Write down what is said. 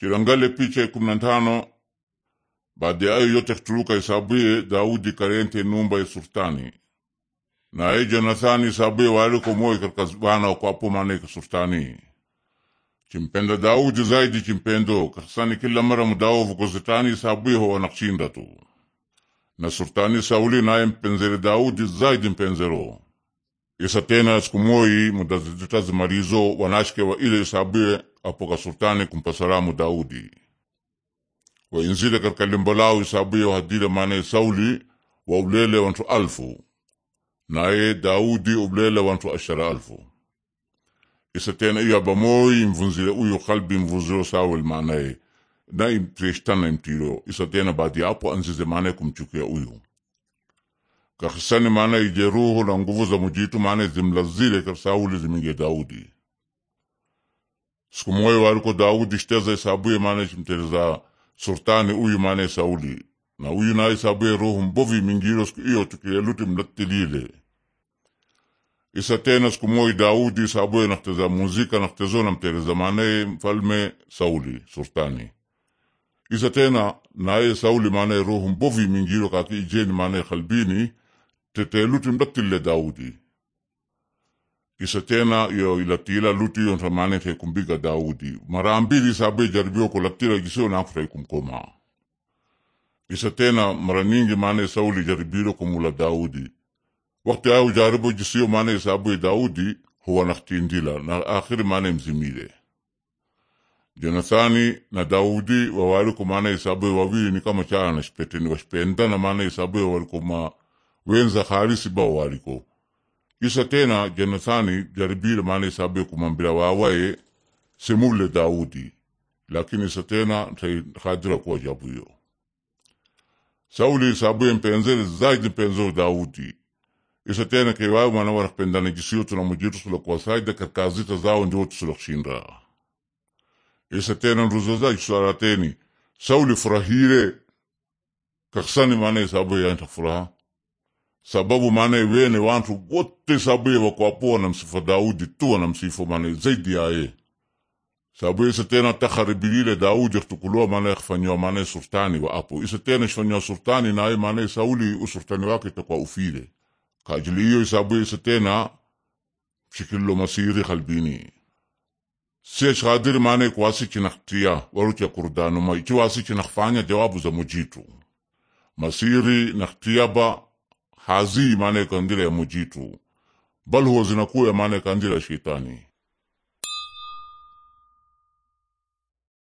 Chilangale picha ikumi na ntano baada ya ayo yote kutuluka isabuye Daudi karente numba ya surtani na ayi Jonathani isabuye waliko moyo katika bana wakwapomaneke sultani chimpenda Daudi zaidi chimpendo kasani kila mara mudaovu kozetani isabuye howanakshinda tu na surtani Sauli naye mpenzere Daudi zaidi mpenzero isa tena siku moyi mudazitazimalizo wanashike wa ile isabuye apoka sultani kumpasalamu Daudi wainzile katika limbo lao isabuye wahadile maanaye Sauli wa ulele wantu alfu naye Daudi ulele wantu ashara alfu tena iyo abamoyi imvunzile uyu kalbi imvunzilo Sauli maanaye na imteshtana imtiro tena baadi apo anzize maanaye kumchukia uyu kakisani maanaye ijeruhu na nguvu za mujitu maanaye zimlazile kar Sauli ziminge Daudi siku moyo waliko Daudi shteza isabuye maana chimteleza sultani uyu maana Sauli na uyu na isabuye roho mbovi mingiro siku iyo tukileluti mlatilile isa tena siku moyo Daudi isabuye nakteza muzika na namteleza maana mfalme Sauli sultani isa tena naye Sauli maana roho mbovi mingiro kaki ijeni maana tete luti mlatilile Daudi isa tena yo ilatila luti iyo ntamane te kumbiga Daudi mara mbili sabe jaribio ko latila gisio nakutai kumkoma isa tena mara nyingi mane Sauli jaribilo kumula Daudi wakati ayo jaribu jisio mane sabe Daudi huwa naktindila na akhiri mane mzimile Jonathani na Daudi wawaliku mane sabe wawili ni kama chana na shpeteni washpendana mane sabe ma wenza khalisi ba waliko Isa tena Jonathani jaribira maana isabe kumwambira wawaye simule Daudi, lakini isa tena hadira kuwa jabu hiyo. Sauli isabuye mpenzere zaidi mpenzere Daudi isa tena kewawe mwana warakpendanajisiyo tunamujitu sulakuwasaida karkazita zao ndiwotu sulakushinda isa tena nruzoza isuarateni Sauli furahire kaksani maana isabu yanta furaha sababu mane wene wantu wote sabe wakuapoa na msifa Daudi tu na msifa mane zaidi yaye sababu isa tena takharibilile Daudi ikhtukuloa mane ikhfanyiwa mane sultani wa apo isa tena ikhfanyiwa surtani naye mane Sauli usurtani wake itakuwa ufile kajili hiyo isabu isa tena shikilo masiri khalbini sesh khadir mane kwasi chinakhtia warucha kurdanuma ichi wasi chinakhfanya jawabu za mujitu masiri nakhtiaba hazii maana ikandila ya mujitu bali huwa zinakuya maana ikandila ya shetani